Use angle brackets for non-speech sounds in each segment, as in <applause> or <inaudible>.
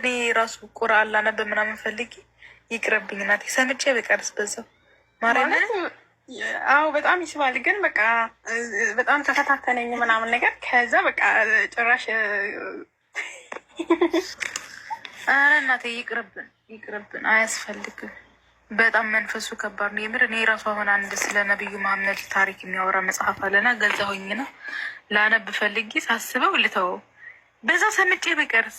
እኔ ራሱ ቁራ አላነበ ምናምን ፈልጊ ይቅረብኝ እናቴ ሰምቼ በቀርስ በዛው ማርያምን አዎ በጣም ይስባል። ግን በቃ በጣም ተፈታተነኝ ምናምን ነገር ከዛ በቃ ጭራሽ አረ እናቴ ይቅርብን ይቅርብን፣ አያስፈልግም። በጣም መንፈሱ ከባድ ነው የምር። እኔ ራሱ አሁን አንድ ስለ ነቢዩ መሐመድ ታሪክ የሚያወራ መጽሐፍ አለና ነው ላነብ ፈልጌ ሳስበው ልተው በዛ ሰምቼ በቀርስ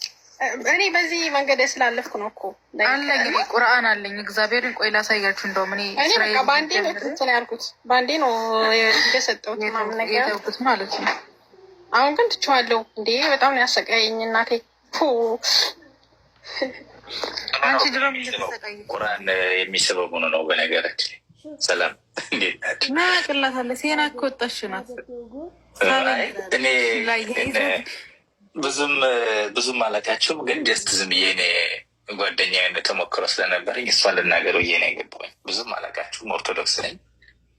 እኔ በዚህ መንገድ ስላለፍኩ ነው እኮ አለኝ። ቁርአን አለኝ። እግዚአብሔርን ቆይ ላሳያችሁ። እንደውም እኔ በአንዴ ነው እንትን ያልኩት በአንዴ ነው የሰጠሁት ነገርኩት ማለት ነው። አሁን ግን ትችዋለሁ። እንዴ በጣም ነው ያሰቃየኝ እናቴ። አንቺ ድሮም ቁርአን የሚስበው ሆኖ ነው በነገራችን። ሰላም እንዴት ናት? ና ቅላታለ ሴና ከወጣሽ ናት እኔ ብዙም ብዙም አላቃቸውም፣ ግን ጀስት ዝም ብዬ እኔ ጓደኛ ተሞክሮ ስለነበረኝ እሷን ልናገር ብዬ ነው የገባኝ። ብዙም አላቃቸውም፣ ኦርቶዶክስ ነኝ።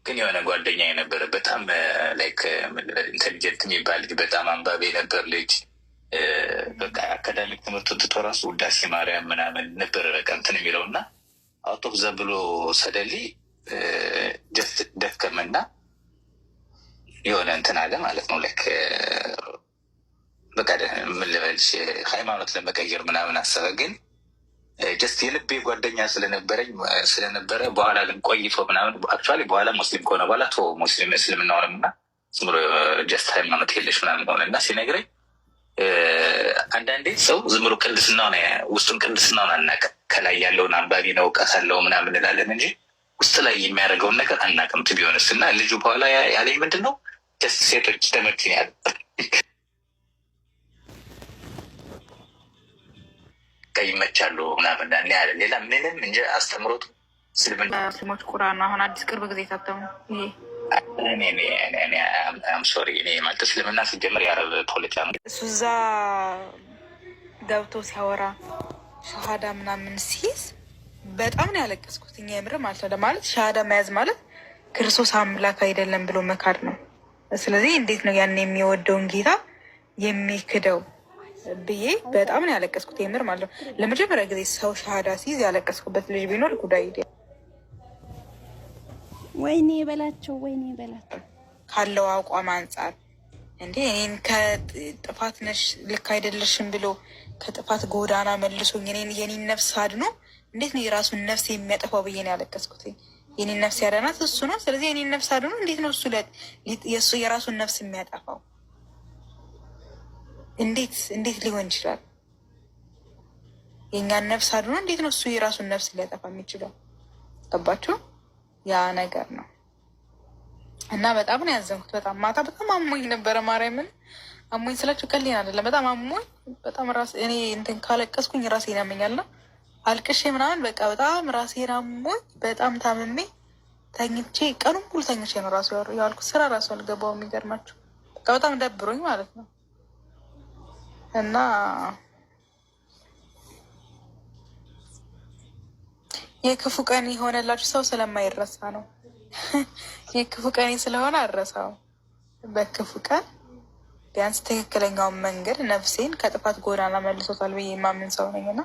ግን የሆነ ጓደኛ የነበረ በጣም ላይክ ኢንቴሊጀንት የሚባል ልጅ፣ በጣም አንባቢ የነበር ልጅ በቃ አካዳሚክ ትምህርቱን ትቶ ራሱ ውዳሴ ማርያም ምናምን ነበረ በቃ እንትን የሚለው እና አውቶ ብዛ ብሎ ሰደሊ ጀስት ደከመና የሆነ እንትን አለ ማለት ነው ላይክ በቃ ምን ልበልሽ ሃይማኖት ለመቀየር ምናምን አሰበ። ግን ጀስት የልቤ ጓደኛ ስለነበረኝ ስለነበረ በኋላ ግን ቆይቶ ምናምን አክቹዋሊ በኋላ ሙስሊም ከሆነ በኋላ ቶ ሙስሊም እስልምና ሆነ እና ዝም ብሎ ጀስት ሃይማኖት የለሽ ምናምን ሆነ እና ሲነግረኝ አንዳንዴ ሰው ዝም ብሎ ቅድስናውን ውስጡን ቅድስናውን አናውቅም። ከላይ ያለውን አንባቢ ነው እውቀሳለው ምናምን እንላለን እንጂ ውስጥ ላይ የሚያደርገውን ነገር አናውቅም። ቢሆንስ እና ልጁ በኋላ ያለኝ ምንድን ነው ጀስት ሴቶች ተመችን ያለ ይመቻሉ ምናምን ያለ ሌላ ምንም እንጂ አስተምሮት ስልምና ሙስሊሞች ቁርአን አሁን አዲስ ቅርብ ጊዜ ታተሙ። ሶሪ እኔ ማለት እስልምና ሲጀምር የአረብ ፖለቲካ እሱ እዛ ገብቶ ሲያወራ ሻሃዳ ምናምን ሲይዝ በጣም ነው ያለቀስኩት። እኛ የምር ማለት ነው ማለት ሻሃዳ መያዝ ማለት ክርስቶስ አምላክ አይደለም ብሎ መካድ ነው። ስለዚህ እንዴት ነው ያን የሚወደውን ጌታ የሚክደው? ብዬ በጣም ነው ያለቀስኩት። የምር ማለት ነው ለመጀመሪያ ጊዜ ሰው ሻሃዳ ሲይዝ ያለቀስኩበት ልጅ ቢኖር ጉዳይ ወይኔ በላቸው ወይኔ በላቸው ካለው አቋም አንጻር እንዴ እኔን ከጥፋት ነሽ ልክ አይደለሽም ብሎ ከጥፋት ጎዳና መልሶኝ እኔን የኔን ነፍስ አድኖ እንዴት ነው የራሱን ነፍስ የሚያጠፋው ብዬ ነው ያለቀስኩት። የኔን ነፍስ ያዳናት እሱ ነው። ስለዚህ የኔን ነፍስ አድኖ እንዴት ነው እሱ የራሱን ነፍስ የሚያጠፋው? እንዴት እንዴት ሊሆን ይችላል? የእኛን ነፍስ አድኖ እንዴት ነው እሱ የራሱን ነፍስ ሊያጠፋ የሚችለው? ገባችሁ? ያ ነገር ነው እና በጣም ነው ያዘንኩት። በጣም ማታ በጣም አሞኝ ነበረ። ማርያምን አሞኝ ስላችሁ ቀሌን አይደለም፣ በጣም አሞኝ፣ በጣም ራስ እኔ እንትን ካለቀስኩኝ ራሴን ያመኛል አልቅሼ ምናምን በቃ በጣም ራሴን አሞኝ በጣም ታምሜ ተኝቼ ቀኑን ሙሉ ተኝቼ ነው ራሱ ያልኩት። ስራ ራሱ አልገባው የሚገርማችሁ በቃ በጣም ደብሮኝ ማለት ነው። እና የክፉ ቀን የሆነላችሁ ሰው ስለማይረሳ ነው። <laughs> የክፉ ቀን ስለሆነ አረሳው። በክፉ ቀን ቢያንስ ትክክለኛውን መንገድ ነፍሴን ከጥፋት ጎዳና መልሶታል ብዬ የማምን ሰው ነኝ እና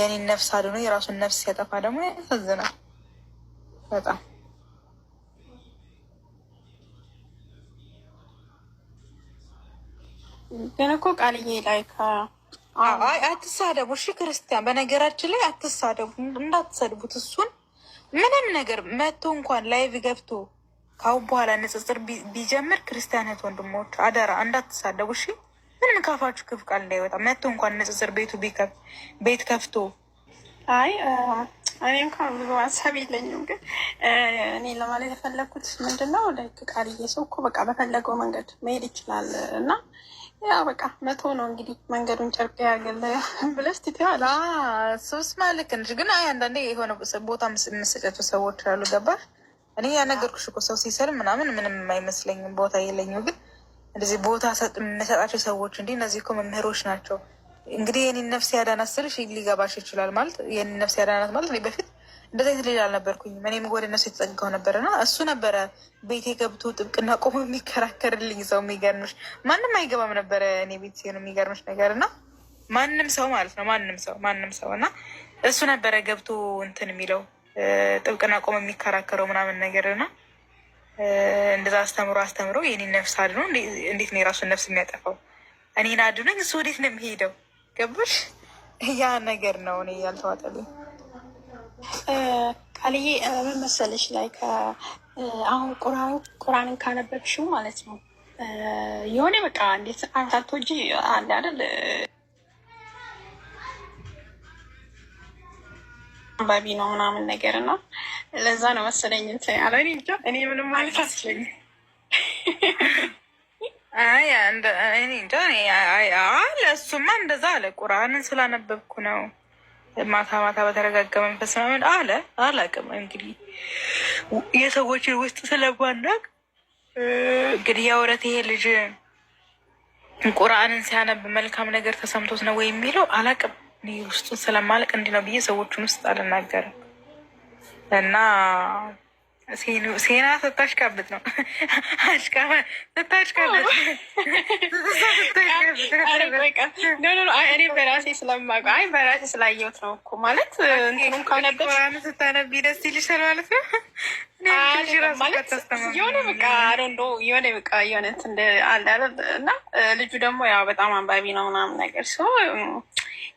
የኔን ነፍስ አድኖ የራሱን ነፍስ ሲያጠፋ ደግሞ ያሳዝናል በጣም። ግን እኮ ቃልዬ ላይ አይ አትሳደቡ፣ እሺ ክርስቲያን፣ በነገራችን ላይ አትሳደቡ፣ እንዳትሰድቡት እሱን ምንም ነገር መቶ እንኳን ላይቭ ገብቶ ካሁን በኋላ ንጽጽር ቢጀምር ክርስቲያን ወንድሞች አደራ እንዳትሳደቡ፣ እሺ ምንም ካፋችሁ ክፍ ቃል እንዳይወጣ መጥቶ እንኳን ንጽጽር ቤቱ ቤት ከፍቶ አይ እኔ እንኳን ብዙ ሀሳብ የለኝም፣ ግን እኔ ለማለት የፈለግኩት ምንድነው ቃልዬ ሰው እኮ በቃ በፈለገው መንገድ መሄድ ይችላል እና ያ በቃ መቶ ነው እንግዲህ መንገዱን ጨርቅ ያገለ <laughs> ብለሽ ትትዋል ሶስት ማለክ ነች። ግን አይ አንዳንዴ የሆነ ቦታ የምሰጫቱ ሰዎች አሉ። ገባ እኔ ያነገርኩሽ እኮ ሰው ሲሰል ምናምን ምንም አይመስለኝም። ቦታ የለኝም። ግን እንደዚህ ቦታ የምሰጣቸው ሰዎች እንዲህ እነዚህ እኮ መምህሮች ናቸው። እንግዲህ የኔን ነፍስ ያዳናት ስልሽ ሊገባሽ ይችላል። ማለት የኔን ነፍስ ያዳናት ማለት በፊት እንደዚ አይነት ልጅ አልነበርኩኝም። እኔም ወደ እነሱ የተጠጋው ነበር እሱ ነበረ ቤቴ ገብቶ ጥብቅና ቆሞ የሚከራከርልኝ ሰው። የሚገርምሽ ማንም አይገባም ነበረ እኔ ቤት ሲሆን የሚገርምሽ ነገር እና ማንም ሰው ማለት ነው ማንም ሰው ማንም ሰው እና እሱ ነበረ ገብቶ እንትን የሚለው ጥብቅና ቆሞ የሚከራከረው ምናምን ነገር እና እንደዛ አስተምሮ አስተምሮ የኔን ነፍስ አድኖ እንዴት ነው የራሱን ነፍስ የሚያጠፋው? እኔን አድኖኝ እሱ ወዴት ነው የሚሄደው? ገባሽ? ያ ነገር ነው እኔ ያልተዋጠልኝ። ቃልዬ ምን መሰለሽ ላይ አሁን ቁርአንን ካነበብሽው ማለት ነው የሆነ በቃ እንዴት አንታት ወጂ አለ አይደል አንባቢ ነው ምናምን ነገር እና ለዛ ነው መሰለኝ እንትን ያለ እኔ ምንም ማለት አስችለኝ እሱማ እንደዛ አለ ቁርአንን ስላነበብኩ ነው ማታ ማታ በተረጋጋ መንፈስ ምናምን አለ አላቅም። እንግዲህ የሰዎችን ውስጥ ስለማናቅ እንግዲህ የውረት ይሄ ልጅ ቁርአንን ሲያነብ መልካም ነገር ተሰምቶት ነው ወይ የሚለው አላቅም። ውስጡን ስለማለቅ እንዲህ ነው ብዬ ሰዎቹን ውስጥ አልናገርም እና ሴና ስታሽካብት ነው። እኔ በራሴ ስለማቀ አይ በራሴ ስላየሁት ነው እኮ ማለት እንትኑን ካነበብሽ ስታነቢ ደስ ይልሻል ማለት ነው። የሆነ በቃ እንዶ የሆነ በቃ የሆነ እንደ አለ እና ልጁ ደግሞ ያው በጣም አንባቢ ነው ምናምን ነገር ሰው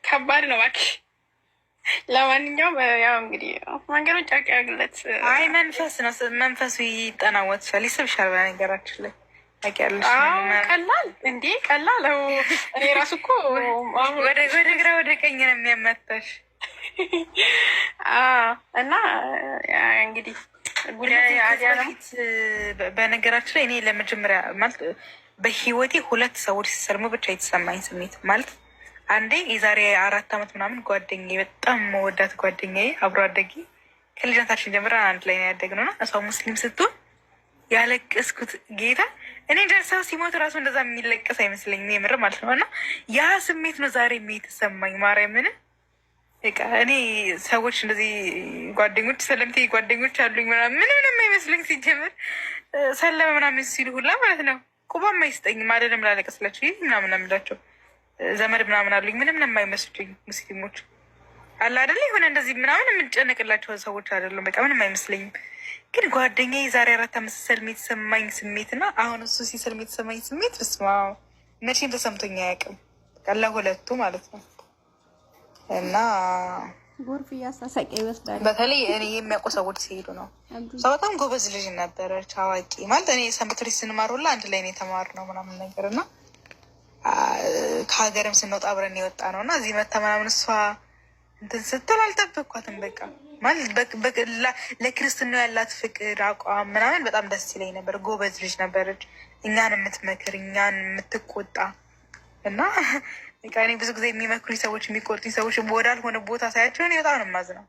ከባድ ነው እባክሽ ለማንኛውም ያው እንግዲህ መንገዶች ጫቅ ያግለት። አይ መንፈስ ነው መንፈሱ ይጠናወትሻል፣ ይስብሻል። በነገራችን ላይ ቀላል እንዴ ቀላል። እኔ ራሱ እኮ ወደ ግራ ወደ ቀኝ ነው የሚያመታሽ። እና እንግዲህ በነገራችን ላይ እኔ ለመጀመሪያ ማለት በህይወቴ ሁለት ሰዎች ሲሰልሙ ብቻ የተሰማኝ ስሜት ማለት አንዴ የዛሬ አራት አመት ምናምን ጓደኛ በጣም መወዳት ጓደኛ አብሮ አደጊ ከልጅነታችን ጀምረን አንድ ላይ ነው ያደግነው እና እሷ ሙስሊም ስትሆን ያለቀስኩት ጌታ እኔ ደርሰው ሲሞት ራሱ እንደዛ የሚለቀስ አይመስለኝ የምር ማለት ነው። እና ያ ስሜት ነው ዛሬ የተሰማኝ ማርያምን። በቃ እኔ ሰዎች እንደዚህ ጓደኞች ሰለምቴ ጓደኞች አሉኝ ምናምን ምንም ምንም አይመስለኝ ሲጀምር ሰለመ ምናምን ሲሉ ሁላ ማለት ነው ቁባም አይስጠኝም አይደለም ላለቀስላቸው ይህ ምናምን ምላቸው ዘመድ ምናምን አሉኝ። ምንም የማይመስሉኝ ሙስሊሞች አለ አደለ የሆነ እንደዚህ ምናምን የምንጨነቅላቸው ሰዎች አይደለም። በቃ ምንም አይመስለኝም። ግን ጓደኛ የዛሬ አራት አምስት ሰልም የተሰማኝ ስሜት እና አሁን እሱ ሲሰልሜ የተሰማኝ ስሜት በስመ መቼም ተሰምቶኝ አያውቅም። ቀላ ሁለቱ ማለት ነው እና ጎርፍ እያሳሳቂ ይወስዳል። በተለይ እኔ የሚያውቁ ሰዎች ሲሄዱ ነው። ሰው በጣም ጎበዝ ልጅ ነበረች፣ አዋቂ ማለት እኔ ሰንበት ትምህርት ስንማር ሁላ አንድ ላይ ነው የተማርነው ምናምን ነገር እና ከሀገርም ስንወጣ አብረን የወጣ ነው እና እዚህ መታ ምናምን እሷ እንትን ስትል አልጠበቅኳትም። በቃ ማለት ለክርስትናው ያላት ፍቅር አቋም ምናምን በጣም ደስ ይለኝ ነበር። ጎበዝ ልጅ ነበረች፣ እኛን የምትመክር እኛን የምትቆጣ እና በቃ ብዙ ጊዜ የሚመክሩኝ ሰዎች የሚቆርጡኝ ሰዎች ወዳልሆነ ቦታ ሳያቸውን በጣም ነው የማዝነው።